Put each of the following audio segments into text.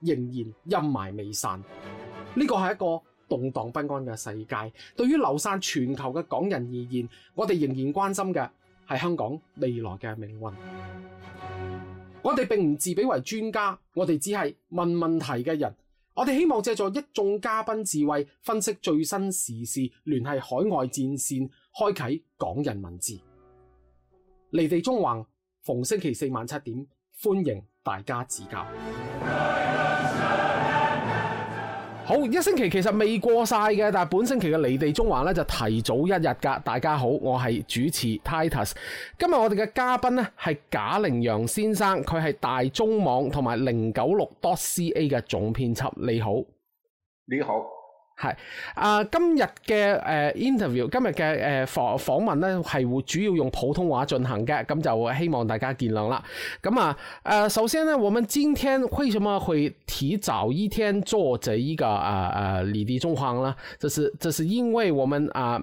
仍然陰霾未散，呢個係一個動盪不安嘅世界。對於流散全球嘅港人而言，我哋仍然關心嘅係香港未來嘅命運。我哋並唔自比為專家，我哋只係問問題嘅人。我哋希望借助一眾嘉賓智慧，分析最新時事，聯繫海外戰線，開啟港人文字，離地縱橫，逢星期四晚七點，歡迎大家指教。好一星期其實未過晒嘅，但本星期嘅離地縱橫咧就提早一日㗎。大家好，我係主持 Titus，今日我哋嘅嘉賓咧係賈寧揚先生，佢係大中網同埋零六九 dot ca 嘅總編輯。你好，你好。係啊、呃，今日嘅誒、呃、interview，今日嘅誒訪訪問咧，係會主要用普通話進行嘅，咁就希望大家見諒啦。咁、嗯、啊，誒、呃、首先咧，我們今天為什麼會提早一天做這一個、呃、啊啊離地縱橫咧？這是這是因為我們啊。呃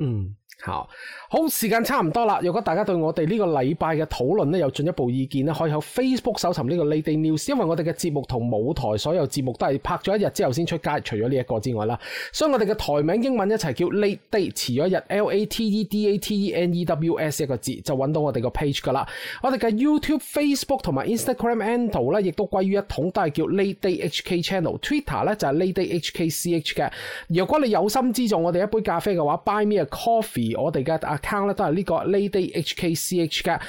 嗯，好，好，時間差唔多啦。如果大家對我哋呢個禮拜嘅討論呢，有進一步意見呢，可以喺 Facebook 搜尋呢個 Late Date News，因為我哋嘅節目同舞台所有節目都係拍咗一日之後先出街，除咗呢一個之外啦，所以我哋嘅台名英文一齊叫 Late Date，遲咗日 L, ay, L A T E D A T E N E W S 一個字就揾到我哋個 page 噶啦。我哋嘅 YouTube、Facebook 同埋 Instagram Channel 咧，亦都歸於一統，都係叫 Late Date HK Channel Twitter HK CH。Twitter 咧就係 Late Date HK C H 嘅。如果你有心資助我哋一杯咖啡嘅話，Buy Me。Coffee，我哋嘅 account 咧都係呢個 LateDateHKChannel 嘅。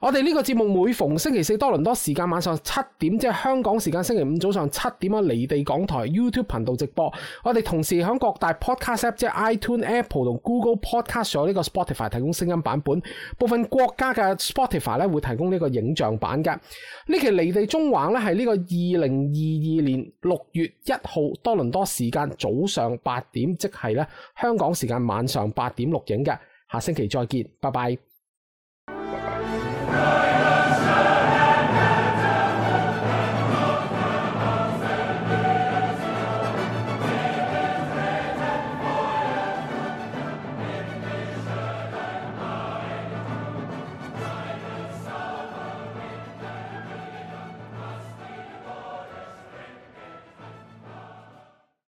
我哋呢個節目每逢星期四多倫多時間晚上七點，即係香港時間星期五早上七點啊，離地港台 YouTube 頻道直播。我哋同時響各大 podcast app，即係 iTune、Apple 同 Google Podcast 上呢個 Spotify 提供聲音版本。部分國家嘅 Spotify 咧，會提供呢個影像版嘅。呢期離地縱橫咧係呢個二零二二年六月一號多倫多時間早上八點，即係咧香港時間晚上八。八點錄影嘅，下星期再見，拜拜。